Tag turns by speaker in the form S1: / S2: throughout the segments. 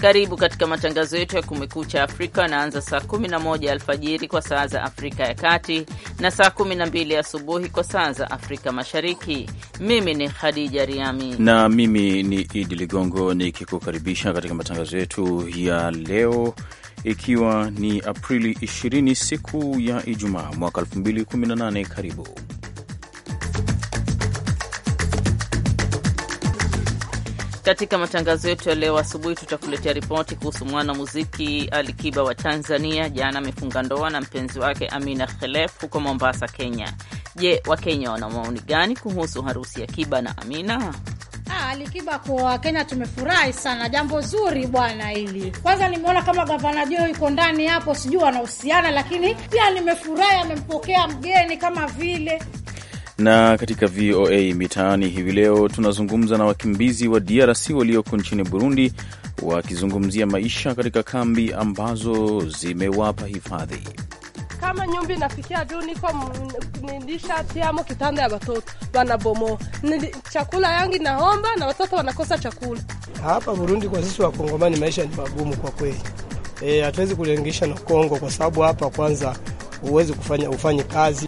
S1: Karibu katika matangazo yetu ya Kumekucha Afrika anaanza saa 11 alfajiri kwa saa za Afrika ya Kati na saa 12 asubuhi kwa saa za Afrika Mashariki. Mimi ni Khadija Riami
S2: na mimi ni Idi Ligongo nikikukaribisha katika matangazo yetu ya leo, ikiwa ni Aprili 20 siku ya Ijumaa mwaka 2018. Karibu
S1: Katika matangazo yetu ya leo asubuhi, tutakuletea ripoti kuhusu mwanamuziki Alikiba wa Tanzania. Jana amefunga ndoa na mpenzi wake Amina Khelef huko Mombasa, Kenya. Je, Wakenya wana maoni gani kuhusu harusi ya Kiba na Amina?
S3: Ah, Alikiba kwa Wakenya tumefurahi sana, jambo zuri bwana hili. Kwanza nimeona kama gavana Jo yuko ndani hapo, sijui wanahusiana, lakini pia nimefurahi amempokea mgeni kama vile
S2: na katika VOA Mitaani hivi leo tunazungumza na wakimbizi wa DRC walioko nchini Burundi wakizungumzia maisha katika kambi ambazo zimewapa hifadhi.
S4: Kama nyumba inafikia juu, niko nilishatiamo kitanda ya watoto wanabomoa, chakula yangi naomba, na watoto wanakosa chakula
S5: hapa Burundi. Kwa sisi Wakongomani maisha ni magumu kwa kweli, eh, hatuwezi e, kulinganisha na Kongo kwa sababu hapa kwanza huwezi kufanya ufanye kazi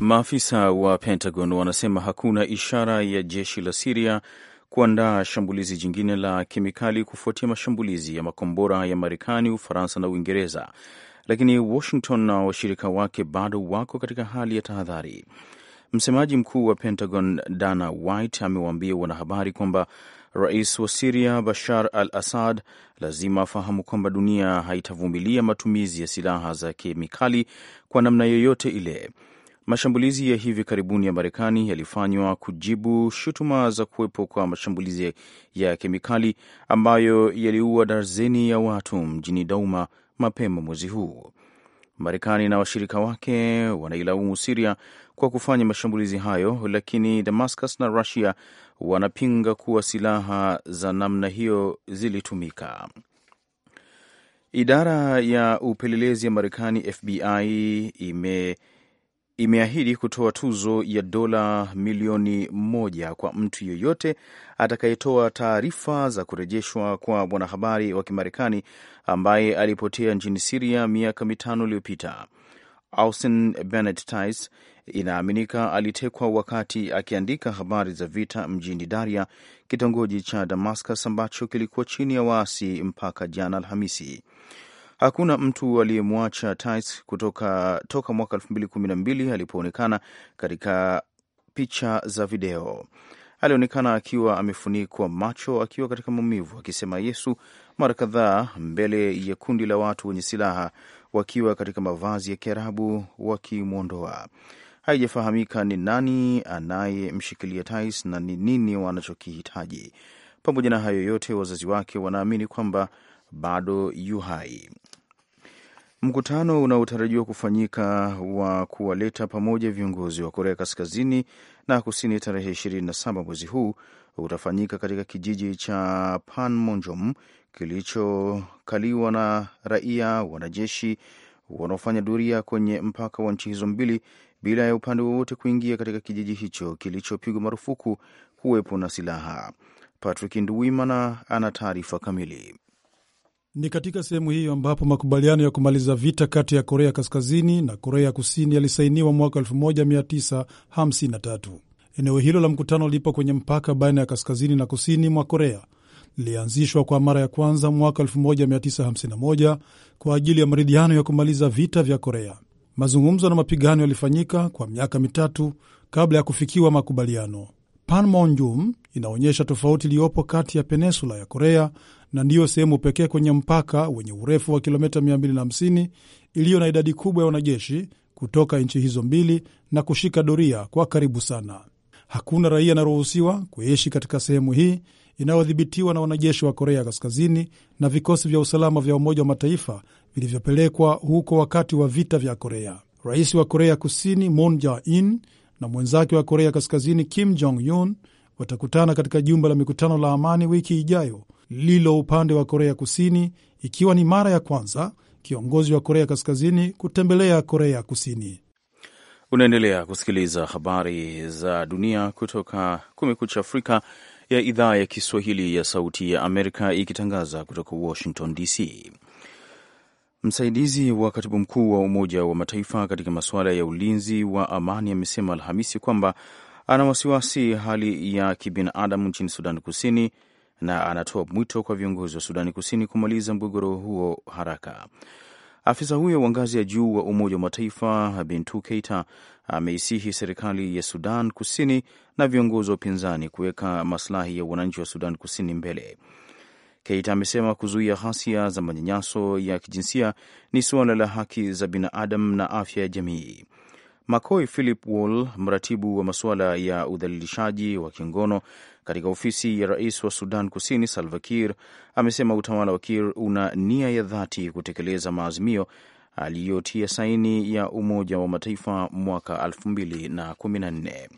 S2: Maafisa wa Pentagon wanasema hakuna ishara ya jeshi la Siria kuandaa shambulizi jingine la kemikali kufuatia mashambulizi ya makombora ya Marekani, Ufaransa na Uingereza, lakini Washington na washirika wake bado wako katika hali ya tahadhari. Msemaji mkuu wa Pentagon Dana White amewaambia wanahabari kwamba rais wa Siria Bashar al Assad lazima afahamu kwamba dunia haitavumilia matumizi ya silaha za kemikali kwa namna yoyote ile. Mashambulizi ya hivi karibuni ya Marekani yalifanywa kujibu shutuma za kuwepo kwa mashambulizi ya kemikali ambayo yaliua darzeni ya watu mjini Douma mapema mwezi huu. Marekani na washirika wake wanailaumu Siria kwa kufanya mashambulizi hayo, lakini Damascus na Rusia wanapinga kuwa silaha za namna hiyo zilitumika. Idara ya upelelezi ya Marekani, FBI, ime imeahidi kutoa tuzo ya dola milioni moja kwa mtu yeyote atakayetoa taarifa za kurejeshwa kwa mwanahabari wa Kimarekani ambaye alipotea nchini Siria miaka mitano iliyopita. Austin Bennett Tice inaaminika alitekwa wakati akiandika habari za vita mjini Daria, kitongoji cha Damascus ambacho kilikuwa chini ya waasi mpaka jana Alhamisi. Hakuna mtu aliyemwacha Tais kutoka toka mwaka mbili alipoonekana katika picha za video. Alionekana akiwa amefunikwa macho, akiwa katika maumivu, akisema Yesu mara kadhaa mbele ya kundi la watu wenye silaha wakiwa katika mavazi ya Kiarabu wakimwondoa. Haijafahamika ni nani anayemshikilia Tais na ni nini wanachokihitaji. Pamoja na hayo yote, wazazi wake wanaamini kwamba bado yu hai. Mkutano unaotarajiwa kufanyika wa kuwaleta pamoja viongozi wa Korea Kaskazini na Kusini tarehe 27 mwezi huu utafanyika katika kijiji cha Panmunjom kilichokaliwa na raia, wanajeshi wanaofanya doria kwenye mpaka wa nchi hizo mbili bila ya upande wowote kuingia katika kijiji hicho kilichopigwa marufuku kuwepo na silaha. Patrick Nduwimana ana taarifa kamili.
S6: Ni katika sehemu hiyo ambapo makubaliano ya kumaliza vita kati ya Korea Kaskazini na Korea Kusini yalisainiwa mwaka 1953. Eneo hilo la mkutano lipo kwenye mpaka baina ya kaskazini na kusini mwa Korea. Lilianzishwa kwa mara ya kwanza mwaka 1951 kwa ajili ya maridhiano ya kumaliza vita vya Korea. Mazungumzo na mapigano yalifanyika kwa miaka mitatu kabla ya kufikiwa makubaliano. Panmunjom inaonyesha tofauti iliyopo kati ya peninsula ya Korea na ndiyo sehemu pekee kwenye mpaka wenye urefu wa kilomita 250 iliyo na idadi kubwa ya wanajeshi kutoka nchi hizo mbili na kushika doria kwa karibu sana. Hakuna raia anaruhusiwa kuishi katika sehemu hii inayodhibitiwa na wanajeshi wa Korea Kaskazini na vikosi vya usalama vya Umoja wa Mataifa vilivyopelekwa huko wakati wa vita vya Korea. Rais wa Korea Kusini Moon Jae-in na mwenzake wa Korea Kaskazini Kim Jong Un watakutana katika jumba la mikutano la amani wiki ijayo lililo upande wa Korea Kusini, ikiwa ni mara ya kwanza kiongozi wa Korea Kaskazini kutembelea Korea Kusini.
S2: Unaendelea kusikiliza habari za dunia kutoka Kumekucha Afrika ya idhaa ya Kiswahili ya Sauti ya Amerika ikitangaza kutoka Washington DC. Msaidizi wa katibu mkuu wa Umoja wa Mataifa katika masuala ya ulinzi wa amani amesema Alhamisi kwamba ana wasiwasi hali ya kibinadamu nchini Sudan Kusini na anatoa mwito kwa viongozi wa Sudani Kusini kumaliza mgogoro huo haraka. Afisa huyo wa ngazi ya juu wa Umoja wa Mataifa Bintu Keita ameisihi serikali ya Sudan Kusini na viongozi wa upinzani kuweka maslahi ya wananchi wa Sudan Kusini mbele. Keita amesema kuzuia ghasia za manyanyaso ya kijinsia ni suala la haki za binadamu na afya ya jamii. Makoi Philip Wall, mratibu wa masuala ya udhalilishaji wa kingono katika ofisi ya rais wa Sudan Kusini Salva Kiir amesema utawala wa Kiir una nia ya dhati kutekeleza maazimio aliyotia saini ya Umoja wa Mataifa mwaka 2014.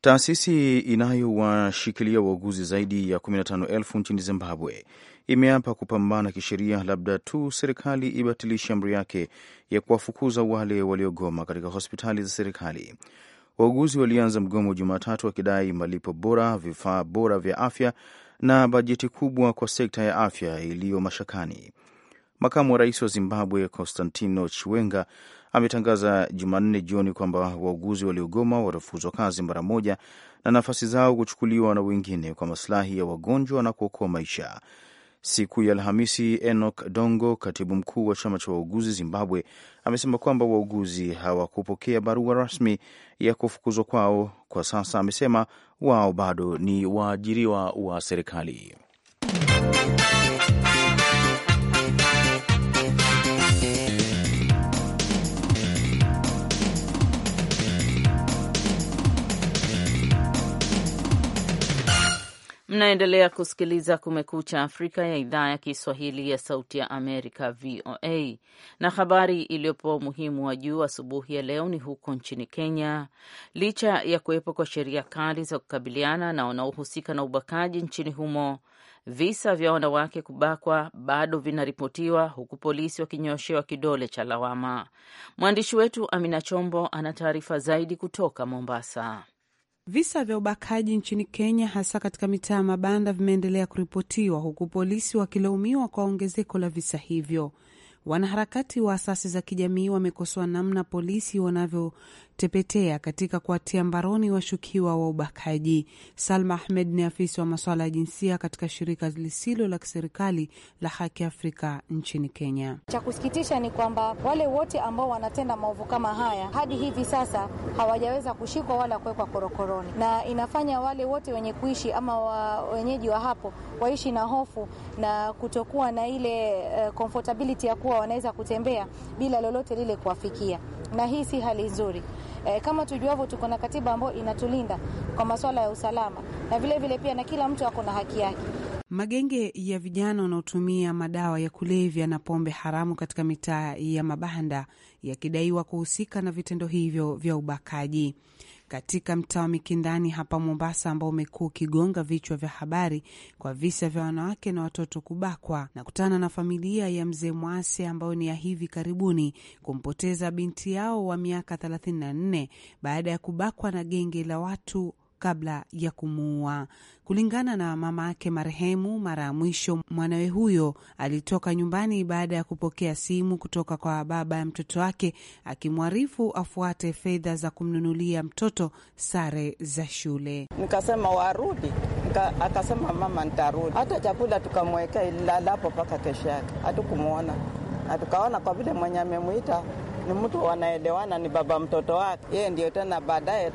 S2: Taasisi inayowashikilia wauguzi zaidi ya 15,000 nchini Zimbabwe imeapa kupambana kisheria, labda tu serikali ibatilishe amri yake ya kuwafukuza wale waliogoma katika hospitali za serikali. Wauguzi walianza mgomo Jumatatu wakidai malipo bora, vifaa bora vya afya na bajeti kubwa kwa sekta ya afya iliyo mashakani. Makamu wa rais wa Zimbabwe Constantino Chiwenga ametangaza Jumanne jioni kwamba wauguzi waliogoma watafuzwa kazi mara moja na nafasi zao kuchukuliwa na wengine kwa masilahi ya wagonjwa na kuokoa maisha. Siku ya Alhamisi, Enoch Dongo, katibu mkuu wa chama cha wauguzi Zimbabwe, amesema kwamba wauguzi hawakupokea barua rasmi ya kufukuzwa kwao. Kwa sasa, amesema wao bado ni waajiriwa wa serikali.
S1: Mnaendelea kusikiliza Kumekucha Afrika ya idhaa ya Kiswahili ya Sauti ya Amerika, VOA. Na habari iliyopewa umuhimu wa juu asubuhi ya leo ni huko nchini Kenya. Licha ya kuwepo kwa sheria kali za kukabiliana na wanaohusika na ubakaji nchini humo, visa vya wanawake kubakwa bado vinaripotiwa, huku polisi wakinyoshewa kidole cha lawama. Mwandishi wetu Amina Chombo ana taarifa zaidi kutoka Mombasa.
S7: Visa vya ubakaji nchini Kenya, hasa katika mitaa ya mabanda, vimeendelea kuripotiwa huku polisi wakilaumiwa kwa ongezeko la visa hivyo. Wanaharakati wa asasi za kijamii wamekosoa namna polisi wanavyo tepetea katika kuwatia mbaroni washukiwa wa ubakaji. Salma Ahmed ni afisa wa masuala ya jinsia katika shirika lisilo la kiserikali la Haki Afrika nchini Kenya.
S3: Cha kusikitisha ni kwamba wale wote ambao wanatenda maovu kama haya hadi hivi sasa hawajaweza kushikwa wala kuwekwa korokoroni, na inafanya wale wote wenye kuishi ama wa, wenyeji wa hapo waishi na hofu na kutokuwa na ile uh, comfortability ya kuwa wanaweza kutembea bila lolote lile kuwafikia, na hii si hali nzuri. E, kama tujuavyo tuko na katiba ambayo inatulinda kwa masuala ya usalama na vilevile vile pia na kila mtu ako na haki yake.
S7: Magenge ya vijana wanaotumia madawa ya kulevya na pombe haramu katika mitaa ya mabanda yakidaiwa kuhusika na vitendo hivyo vya ubakaji katika mtaa wa Mikindani hapa Mombasa, ambao umekuwa ukigonga vichwa vya habari kwa visa vya wanawake na watoto kubakwa, na kutana na familia ya mzee Mwase ambayo ni ya hivi karibuni kumpoteza binti yao wa miaka 34 baada ya kubakwa na genge la watu kabla ya kumuua. Kulingana na mama yake marehemu, mara ya mwisho mwanawe huyo alitoka nyumbani baada ya kupokea simu kutoka kwa baba ya mtoto wake akimwarifu afuate fedha za kumnunulia mtoto sare za shule.
S1: Nikasema warudi Nika, akasema mama, ntarudi. Hata chakula tukamwekea ilalapo mpaka kesho yake, hatukumwona na tukaona kwa vile mwenye amemwita ni mtu wanaelewana, ni baba mtoto wake, yeye ndio tena baadaye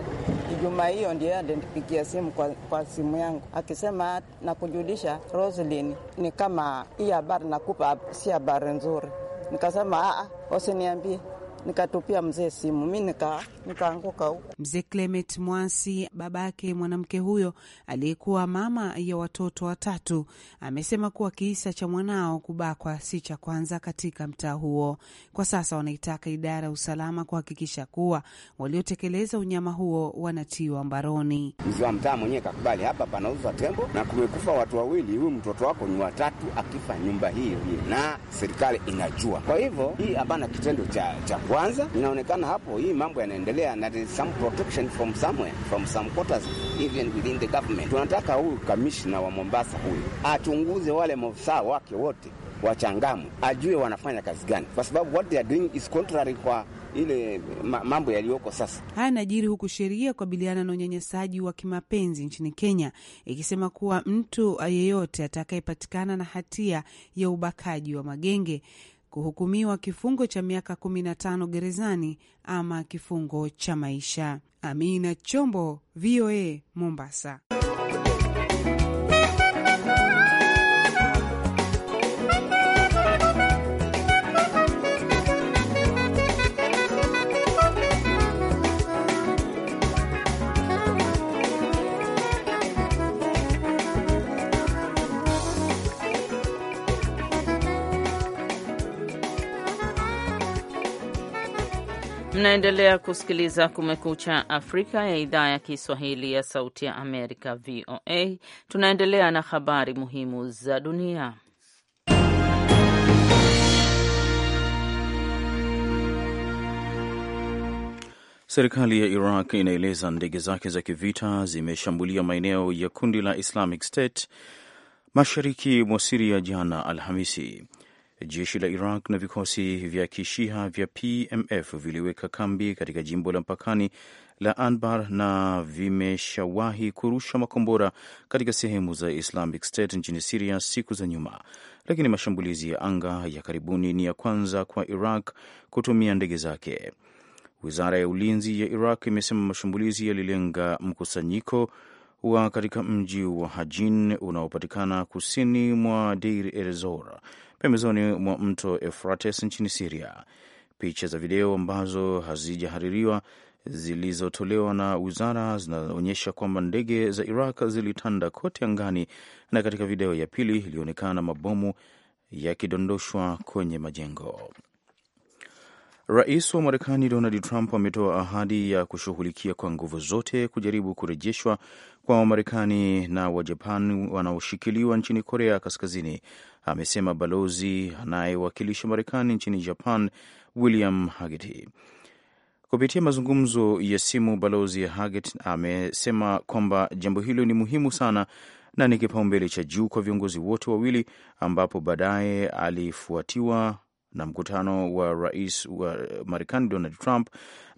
S1: Ijumaa hiyo ndio alinipigia simu kwa, kwa simu yangu akisema, kujudisha Roslin, ni kama hii habari nakupa si habari nzuri. Nikasema a, usiniambie nikatupia mzee simu, mi nikaanguka nika huko.
S7: Mzee Clement Mwansi, babake mwanamke huyo aliyekuwa mama ya watoto watatu, amesema kuwa kisa cha mwanao kubakwa si cha kwanza katika mtaa huo. Kwa sasa wanaitaka idara ya usalama kuhakikisha kuwa waliotekeleza unyama huo
S8: wanatiwa
S7: mbaroni.
S8: Mzee wa mtaa mwenyewe kakubali, hapa panauzwa tembo na kumekufa watu wawili, huyu mtoto wako ni watatu, akifa nyumba hii hii, na serikali inajua. Kwa hivyo hii hapana kitendo cha, cha kwanza inaonekana hapo hii mambo yanaendelea na there is some protection from somewhere, from some quarters even within the government. Tunataka huyu kamishna wa Mombasa huyu achunguze wale maofisa wake wote wachangamu, ajue wanafanya kazi gani, kwa sababu what they are doing is contrary kwa ile mambo yaliyoko sasa.
S7: Haya najiri huku sheria kukabiliana na unyanyasaji wa kimapenzi nchini Kenya ikisema kuwa mtu yeyote atakayepatikana na hatia ya ubakaji wa magenge kuhukumiwa kifungo cha miaka 15 gerezani ama kifungo cha maisha. Amina Chombo, VOA, Mombasa.
S1: Mnaendelea kusikiliza Kumekucha Afrika ya idhaa ya Kiswahili ya Sauti ya Amerika, VOA. Tunaendelea na habari muhimu za dunia.
S2: Serikali ya Iraq inaeleza ndege zake za kivita zimeshambulia maeneo ya kundi la Islamic State mashariki mwa Siria jana Alhamisi. Jeshi la Iraq na vikosi vya kishiha vya PMF viliweka kambi katika jimbo la mpakani la Anbar na vimeshawahi kurusha makombora katika sehemu za Islamic State nchini Siria siku za nyuma, lakini mashambulizi ya anga ya karibuni ni ya kwanza kwa Iraq kutumia ndege zake. Wizara ya ulinzi ya Iraq imesema mashambulizi yalilenga mkusanyiko wa katika mji wa Hajin unaopatikana kusini mwa Deir ez-Zor pembezoni mwa mto Efrates nchini Siria. Picha za video ambazo hazijahaririwa zilizotolewa na wizara zinaonyesha kwamba ndege za Iraq zilitanda kote angani, na katika video ya pili ilionekana mabomu yakidondoshwa kwenye majengo. Rais wa Marekani Donald Trump ametoa ahadi ya kushughulikia kwa nguvu zote kujaribu kurejeshwa kwa Wamarekani na Wajapan wanaoshikiliwa nchini Korea Kaskazini, amesema balozi anayewakilisha Marekani nchini Japan William Hagerty. Kupitia mazungumzo ya simu, balozi Hagerty amesema kwamba jambo hilo ni muhimu sana na ni kipaumbele cha juu kwa viongozi wote wawili, ambapo baadaye alifuatiwa na mkutano wa rais wa Marekani Donald Trump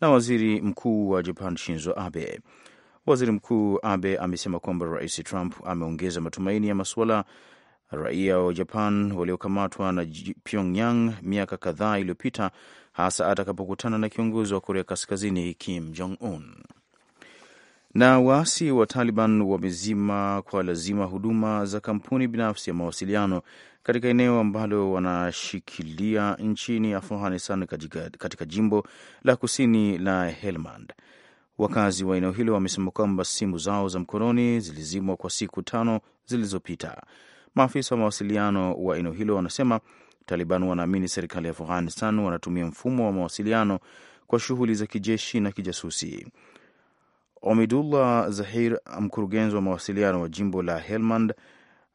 S2: na waziri mkuu wa Japan Shinzo Abe. Waziri Mkuu Abe amesema kwamba Rais Trump ameongeza matumaini ya masuala raia wa Japan waliokamatwa na Pyongyang miaka kadhaa iliyopita, hasa atakapokutana na kiongozi wa Korea Kaskazini Kim Jong Un. Na waasi wa Taliban wamezima kwa lazima huduma za kampuni binafsi ya mawasiliano katika eneo ambalo wanashikilia nchini Afghanistan, katika jimbo la kusini la Helmand. Wakazi wa eneo hilo wamesema kwamba simu zao za mkononi zilizimwa kwa siku tano zilizopita. Maafisa wa mawasiliano wa eneo hilo wanasema Taliban wanaamini serikali ya Afghanistan wanatumia mfumo wa mawasiliano kwa shughuli za kijeshi na kijasusi. Omidullah Zahir, mkurugenzi wa mawasiliano wa jimbo la Helmand,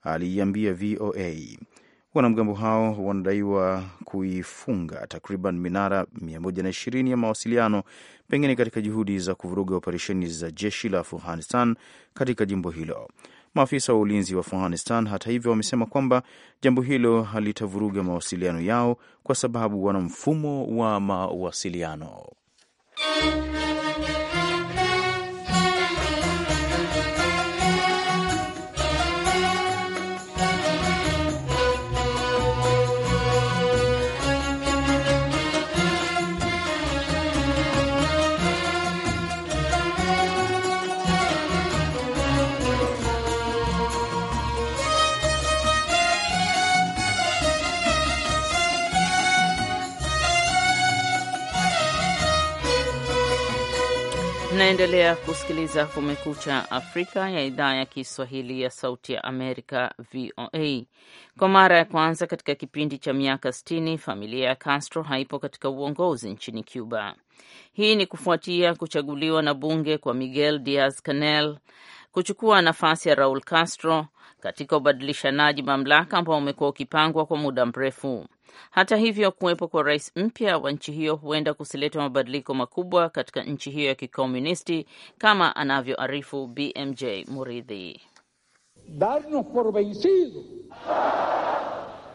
S2: aliiambia VOA Wanamgambo hao wanadaiwa kuifunga takriban minara 120 ya mawasiliano, pengine katika juhudi za kuvuruga operesheni za jeshi la Afghanistan katika jimbo hilo. Maafisa wa ulinzi wa Afghanistan, hata hivyo, wamesema kwamba jambo hilo halitavuruga mawasiliano yao kwa sababu wana mfumo wa mawasiliano
S1: naendelea kusikiliza Kumekucha Afrika ya idhaa ya Kiswahili ya Sauti ya Amerika, VOA. Kwa mara ya kwanza katika kipindi cha miaka 60 familia ya Castro haipo katika uongozi nchini Cuba. Hii ni kufuatia kuchaguliwa na bunge kwa Miguel Diaz Canel kuchukua nafasi ya Raul Castro katika ubadilishanaji mamlaka ambao umekuwa ukipangwa kwa muda mrefu. Hata hivyo, kuwepo kwa rais mpya wa nchi hiyo huenda kusileta mabadiliko makubwa katika nchi hiyo ya kikomunisti kama anavyoarifu BMJ Muridhi.
S6: darnos por vencido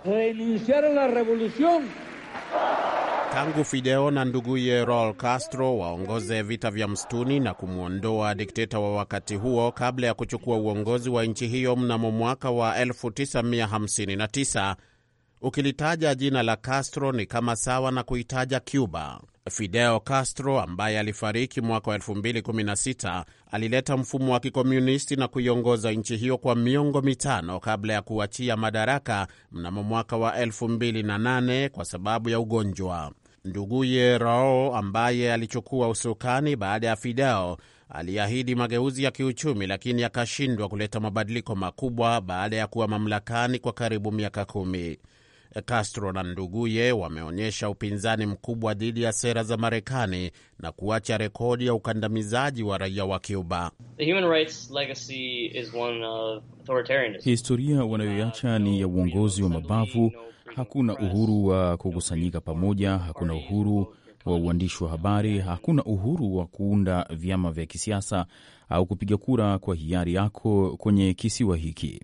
S6: renunciar a la revolucion
S8: Tangu Fideo na nduguye Raul Castro waongoze vita vya msituni na kumwondoa dikteta wa wakati huo kabla ya kuchukua uongozi wa nchi hiyo mnamo mwaka wa Ukilitaja jina la Castro ni kama sawa na kuitaja Cuba. Fidel Castro ambaye alifariki mwaka wa 2016 alileta mfumo wa kikomunisti na kuiongoza nchi hiyo kwa miongo mitano kabla ya kuachia madaraka mnamo mwaka wa 2008 kwa sababu ya ugonjwa. Nduguye rao ambaye alichukua usukani baada ya Fidel aliahidi mageuzi ya kiuchumi lakini akashindwa kuleta mabadiliko makubwa baada ya kuwa mamlakani kwa karibu miaka kumi. Eh, Castro na nduguye wameonyesha upinzani mkubwa dhidi ya sera za Marekani na kuacha rekodi ya ukandamizaji wa raia wa
S2: Cuba. Historia wanayoacha uh, ni ya uongozi wa mabavu. Hakuna uhuru wa kukusanyika pamoja, hakuna uhuru wa uandishi wa habari, hakuna uhuru wa kuunda vyama vya kisiasa au kupiga kura kwa hiari yako kwenye kisiwa hiki.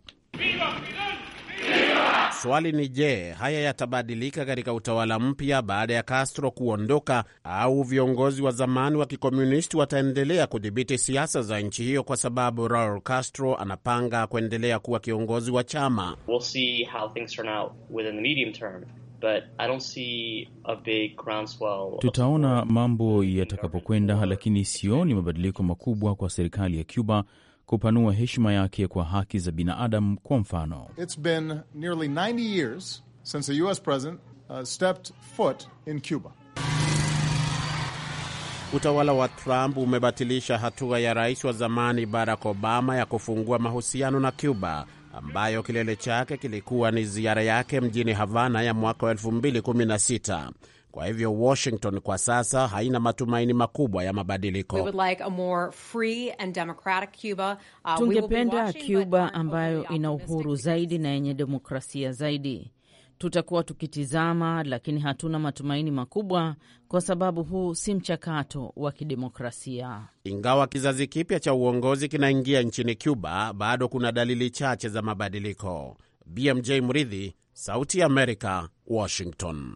S8: Swali ni je, haya yatabadilika katika utawala mpya baada ya Castro kuondoka au viongozi wa zamani wa kikomunisti wataendelea kudhibiti siasa za nchi hiyo, kwa sababu Raul Castro anapanga kuendelea kuwa kiongozi wa chama.
S4: We'll see how things turn out within the medium term. But I don't see a big groundswell.
S2: Tutaona mambo yatakapokwenda, lakini sioni mabadiliko makubwa kwa serikali ya Cuba kupanua heshima yake kwa haki za binadamu. Kwa mfano,
S6: It's been nearly 90 years since US president, uh, stepped foot in Cuba.
S8: Utawala wa Trump umebatilisha hatua ya rais wa zamani Barack Obama ya kufungua mahusiano na Cuba ambayo kilele chake kilikuwa ni ziara yake mjini Havana ya mwaka wa 2016. Kwa hivyo Washington kwa sasa haina matumaini makubwa ya mabadiliko.
S3: Like
S1: Cuba. Uh, tungependa Cuba ambayo ina uhuru zaidi na yenye demokrasia zaidi. Tutakuwa tukitizama, lakini hatuna matumaini makubwa kwa sababu huu si mchakato wa kidemokrasia.
S8: Ingawa kizazi kipya cha uongozi kinaingia nchini Cuba, bado kuna dalili chache za mabadiliko. BMJ Mridhi, Sauti ya Amerika, Washington.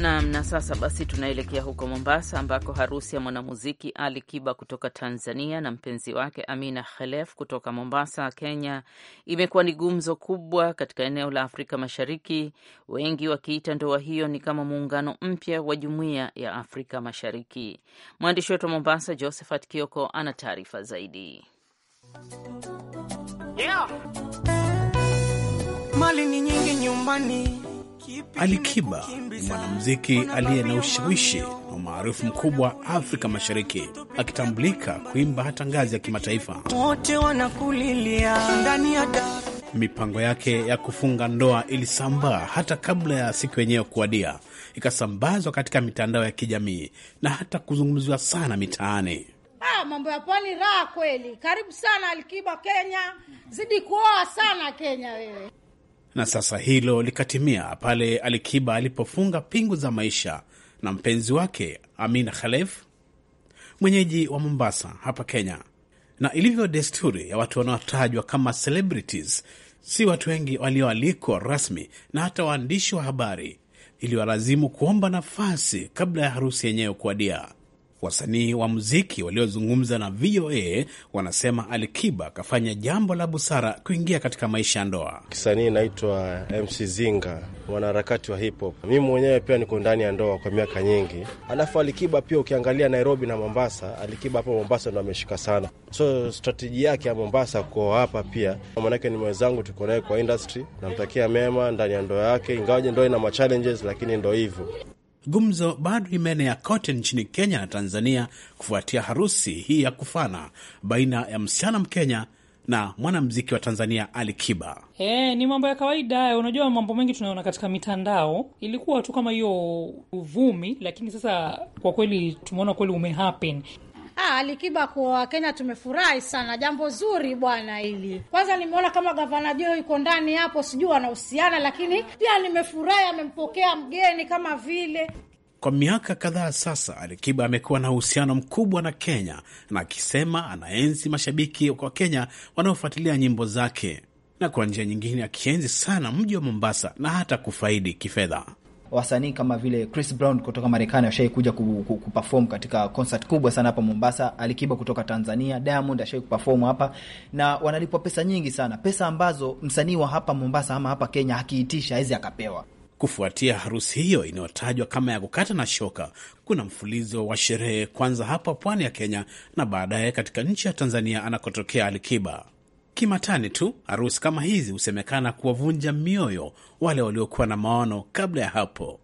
S1: Nam. Na sasa basi, tunaelekea huko Mombasa ambako harusi ya mwanamuziki Ali Kiba kutoka Tanzania na mpenzi wake Amina Khelef kutoka Mombasa, Kenya, imekuwa ni gumzo kubwa katika eneo la Afrika Mashariki, wengi wakiita ndoa hiyo ni kama muungano mpya wa jumuiya ya Afrika Mashariki. Mwandishi wetu wa Mombasa, Josephat Kioko, ana taarifa zaidi.
S4: yeah. Mali ni nyingi nyumbani
S5: ali Kiba ni mwanamuziki aliye na ushawishi na umaarufu mkubwa Afrika Mashariki, akitambulika kuimba hata ngazi ya kimataifa. Mipango yake ya kufunga ndoa ilisambaa hata kabla ya siku yenyewe kuwadia, ikasambazwa katika mitandao ya kijamii na hata kuzungumziwa sana mitaani.
S3: Ah, mambo ya pwani raha kweli. Karibu sana Alikiba Kenya, zidi kuoa sana Kenya wewe
S5: na sasa hilo likatimia pale Alikiba alipofunga pingu za maisha na mpenzi wake Amina Khalef, mwenyeji wa Mombasa hapa Kenya. Na ilivyo desturi ya watu wanaotajwa kama celebrities, si watu wengi walioalikwa rasmi, na hata waandishi wa habari iliwalazimu kuomba nafasi kabla ya harusi yenyewe kuadia. Wasanii wa muziki waliozungumza na VOA wanasema Alikiba akafanya jambo la busara kuingia katika maisha ya ndoa.
S2: Kisanii inaitwa MC Zinga, mwanaharakati wa hip hop. Mimi mwenyewe pia niko ndani ya ndoa kwa miaka nyingi, alafu Alikiba pia ukiangalia Nairobi na Mombasa, Alikiba hapo Mombasa ndo ameshika sana, so strateji yake ya Mombasa ko hapa pia, maanake ni mwenzangu, tuko naye kwa industry. Namtakia mema ndani ya ndoa yake, ingawaje ndoa ina machallenges, lakini ndo hivyo.
S5: Gumzo bado imeenea kote nchini Kenya na Tanzania kufuatia harusi hii ya kufana baina ya msichana Mkenya na mwanamziki wa Tanzania Ali Kiba.
S4: Hey, ni mambo ya kawaida. Unajua, mambo mengi tunaona katika mitandao, ilikuwa tu kama hiyo uvumi, lakini sasa kwa kweli tumeona kweli umehappen.
S3: Ah, Alikiba kwa Wakenya tumefurahi sana, jambo zuri bwana hili. Kwanza nimeona kama gavana Joho yuko ndani hapo, sijui wanahusiana, lakini pia nimefurahi amempokea mgeni kama vile
S5: kwa miaka kadhaa sasa Alikiba amekuwa na uhusiano mkubwa na Kenya na akisema anaenzi mashabiki kwa Kenya wanaofuatilia nyimbo zake, na kwa njia nyingine akienzi sana mji wa Mombasa na hata kufaidi kifedha
S2: wasanii kama vile Chris Brown kutoka Marekani ashawai kuja kuperform katika concert kubwa sana hapa Mombasa. Alikiba kutoka Tanzania, Diamond ashawai kuperform hapa, na wanalipwa pesa nyingi sana, pesa ambazo msanii wa hapa Mombasa ama hapa Kenya akiitisha hawezi akapewa.
S5: Kufuatia harusi hiyo inayotajwa kama ya kukata na shoka, kuna mfulizo wa sherehe, kwanza hapa pwani ya Kenya na baadaye katika nchi ya Tanzania anakotokea Alikiba. Kimatani tu harusi kama hizi husemekana kuwavunja mioyo wale waliokuwa na maono kabla ya hapo.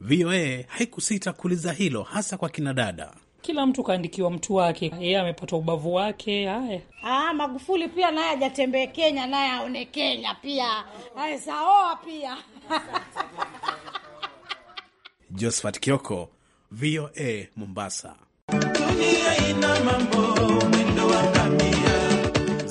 S5: VOA haikusita kuuliza hilo, hasa kwa kinadada.
S4: Kila mtu kaandikiwa mtu wake, yeye amepata ubavu wake. Haya, ah, Magufuli pia naye ajatembee
S3: Kenya, naye aone Kenya pia, aesaoa pia.
S5: Josephat Kioko, VOA Mombasa. Dunia ina mambo,
S8: mwendo wa kami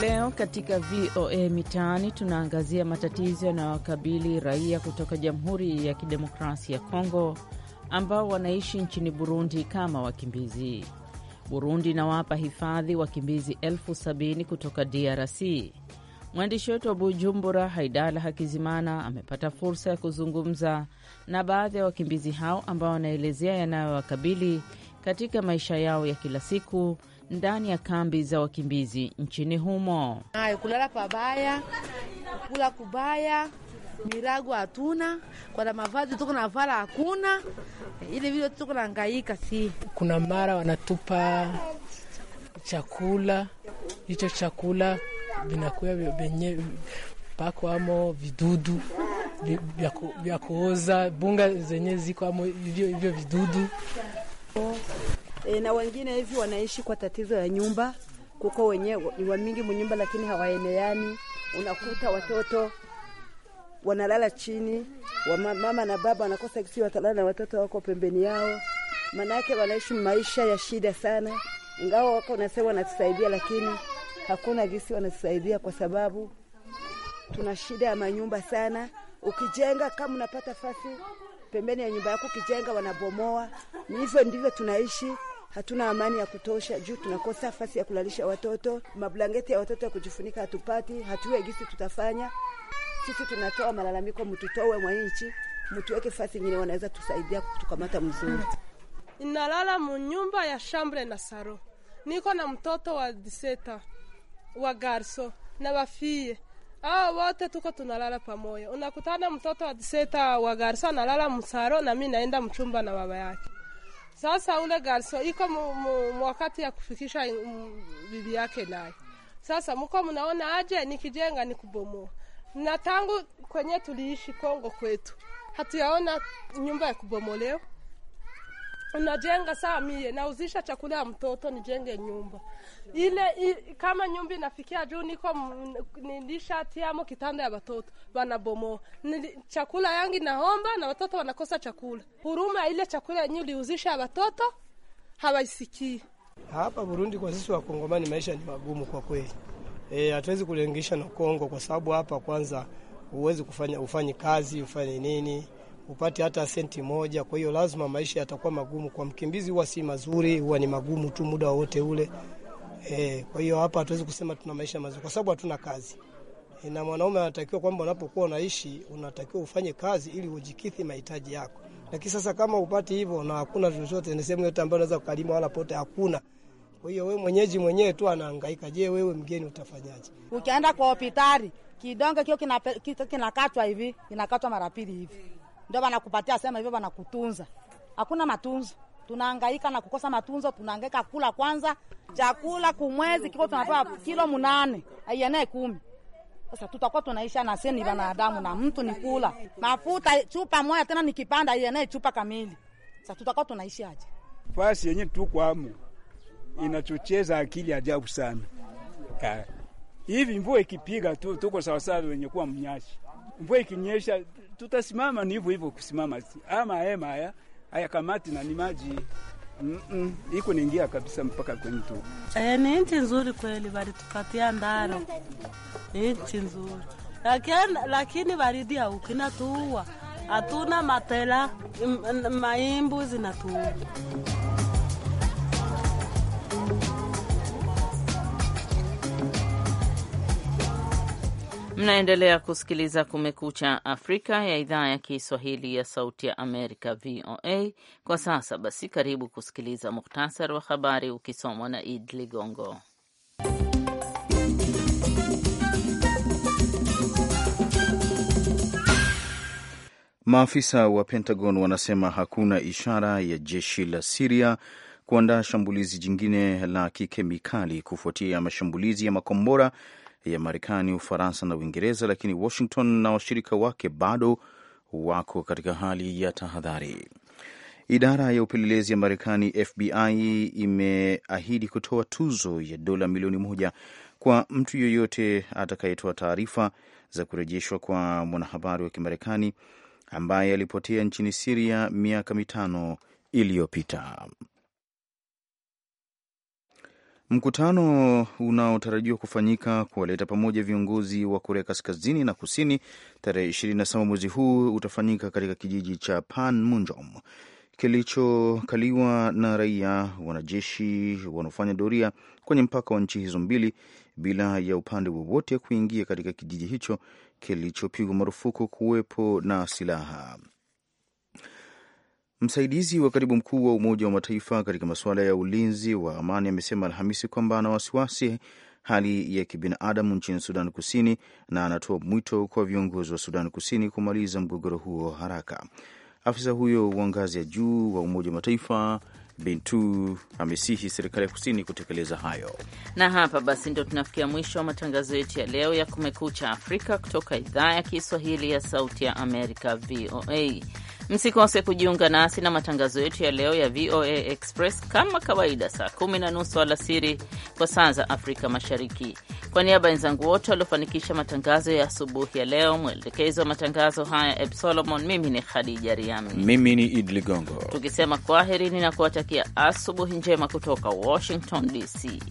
S1: Leo katika VOA Mitaani tunaangazia matatizo yanayowakabili raia kutoka Jamhuri ya Kidemokrasia ya Kongo ambao wanaishi nchini Burundi kama wakimbizi. Burundi inawapa hifadhi wakimbizi elfu sabini kutoka DRC. Mwandishi wetu wa Bujumbura, Haidala Hakizimana, amepata fursa ya kuzungumza na baadhi ya wakimbizi hao ambao wanaelezea yanayowakabili katika maisha yao ya kila siku ndani ya kambi za wakimbizi nchini humo.
S3: Ay, kulala pabaya, kula kubaya, mirago hatuna, kwa mavazi tuko na vala hakuna, ili vile tuko na ngaika. Si
S5: kuna mara wanatupa chakula, hicho chakula vinakuwa venye pako amo vidudu vya kuoza, bunga zenye ziko amo hivyo hivyo vidudu
S7: e, na wengine hivi wanaishi kwa tatizo ya nyumba kuko wenyewe ni wamingi mnyumba, lakini hawaeneani. Unakuta watoto wanalala chini, mama na baba wanakosa kisi, watalala na watoto wako pembeni yao, manake wanaishi maisha ya shida sana. Ingawa wako wanasema wanatusaidia, lakini hakuna gisi wanatusaidia, kwa sababu tuna shida ya manyumba sana. Ukijenga kama unapata fasi pembeni ya nyumba yako, ukijenga wanabomoa. Hivyo ndivyo tunaishi hatuna amani ya kutosha juu tunakosa nafasi ya kulalisha watoto, mablangeti ya watoto ya kujifunika hatupati, hatuwe gisi tutafanya sisi. Tunatoa malalamiko, mtutowe mwanchi, nchi, mtuweke fasi nyingine, wanaweza tusaidia kutukamata mzuri.
S4: Inalala munyumba ya shambre na saro, niko na mtoto wa diseta wa garso na wafie Ah, wote tuko tunalala pamoja. Unakutana mtoto wa diseta wa garso analala msaro, na mimi naenda mchumba na baba yake. Sasa ule garso iko mwakati ya kufikisha mm, bibi yake naye. Sasa mko mnaona aje, nikijenga nikubomoa. Na tangu kwenye tuliishi Kongo kwetu hatuyaona nyumba ya kubomolewa unajenga saa mie nauzisha chakula ya mtoto nijenge nyumba ile i, kama nyumba inafikia juu niko nilishatiamo kitanda ya watoto wanabomoa chakula yangi naomba na watoto wanakosa chakula. Huruma ile chakula yenyewe uliuzisha ya watoto hawaisikii.
S5: Hapa Burundi kwa sisi Wakongomani maisha ni magumu kwa kweli. E, hatuwezi kulinganisha na Kongo kwa sababu hapa kwanza huwezi kufanya ufanyi kazi ufanye nini upate hata senti moja. Kwa hiyo lazima maisha yatakuwa magumu kwa mkimbizi, huwa si mazuri, huwa ni magumu tu muda wote ule. E, kwa hiyo hapa hatuwezi kusema tuna maisha mazuri kwa sababu hatuna kazi e, na mwanaume anatakiwa kwamba unapokuwa unaishi unatakiwa ufanye kazi ili ujikithi mahitaji yako, lakini sasa kama upati hivyo na hakuna chochote, ni sehemu yote ambayo unaweza kukalima wala pote hakuna. Kwa hiyo wewe mwenyeji mwenyewe tu anahangaika. Je, wewe mgeni utafanyaje?
S3: Ukienda kwa hospitali kidonge kio kinakatwa kina hivi kinakatwa mara pili hivi ndio wanakupatia sema hivyo, wanakutunza. Hakuna matunzo, tunahangaika na kukosa matunzo, tunahangaika kula kwanza. Chakula kumwezi kiko tunapewa kilo munane aienee kumi sasa tutakuwa tunaisha na seni wanadamu na mtu ni kula mafuta chupa moja tena nikipanda yenee chupa kamili. Sasa tutakuwa tunaishi aje?
S5: Fasi yenye tukwamo inachocheza akili ajabu sana. Hivi mvua ikipiga tu tuko sawasawa wenye kuwa mnyashi. Mvua ikinyesha tutasimama ni hivyo hivyo kusimama, ama hema haya haya kamati na ni maji Mm -mm. Iko niingia kabisa mpaka kwenye tu.
S7: Eh, ni nchi
S5: nzuri kweli,
S7: tupatia
S5: ndaro, ni nchi nzuri
S7: lakini, lakini walidia ukinatuua, hatuna matela, maimbu zinatuua
S1: Mnaendelea kusikiliza Kumekucha Afrika ya idhaa ya Kiswahili ya Sauti ya Amerika, VOA. Kwa sasa basi, karibu kusikiliza muhtasari wa habari ukisomwa na Id Ligongo.
S2: Maafisa wa Pentagon wanasema hakuna ishara ya jeshi la Siria kuandaa shambulizi jingine la kikemikali kufuatia mashambulizi ya makombora ya Marekani, Ufaransa na Uingereza, lakini Washington na washirika wake bado wako katika hali ya tahadhari. Idara ya upelelezi ya Marekani, FBI, imeahidi kutoa tuzo ya dola milioni moja kwa mtu yeyote atakayetoa taarifa za kurejeshwa kwa mwanahabari wa Kimarekani ambaye alipotea nchini Siria miaka mitano iliyopita. Mkutano unaotarajiwa kufanyika kuwaleta pamoja viongozi wa Korea Kaskazini na Kusini tarehe saba mwezi huu utafanyika katika kijiji cha Panmunjom kilichokaliwa na raia, wanajeshi wanaofanya doria kwenye mpaka wa nchi hizo mbili bila ya upande wowote kuingia katika kijiji hicho kilichopigwa marufuku kuwepo na silaha. Msaidizi wa katibu mkuu wa Umoja wa Mataifa katika masuala ya ulinzi wa amani amesema Alhamisi kwamba ana wasiwasi hali ya kibinadamu nchini Sudan Kusini na anatoa mwito kwa viongozi wa Sudan Kusini kumaliza mgogoro huo haraka. Afisa huyo wa ngazi ya juu wa Umoja wa Mataifa Bintu amesihi serikali ya kusini kutekeleza hayo.
S1: Na hapa basi ndo tunafikia mwisho wa matangazo yetu ya leo ya Kumekucha Afrika kutoka idhaa ya Kiswahili ya Sauti ya Amerika, VOA. Msikose kujiunga nasi na matangazo yetu ya leo ya VOA Express kama kawaida, saa kumi na nusu alasiri kwa saa za Afrika Mashariki. Kwa niaba ya wenzangu wote waliofanikisha matangazo ya asubuhi ya leo, mwelekezi wa matangazo haya Eb Solomon, mimi ni Khadija Riami,
S2: mimi ni Id Ligongo,
S1: tukisema kwaherini na kuwatakia asubuhi njema kutoka Washington DC.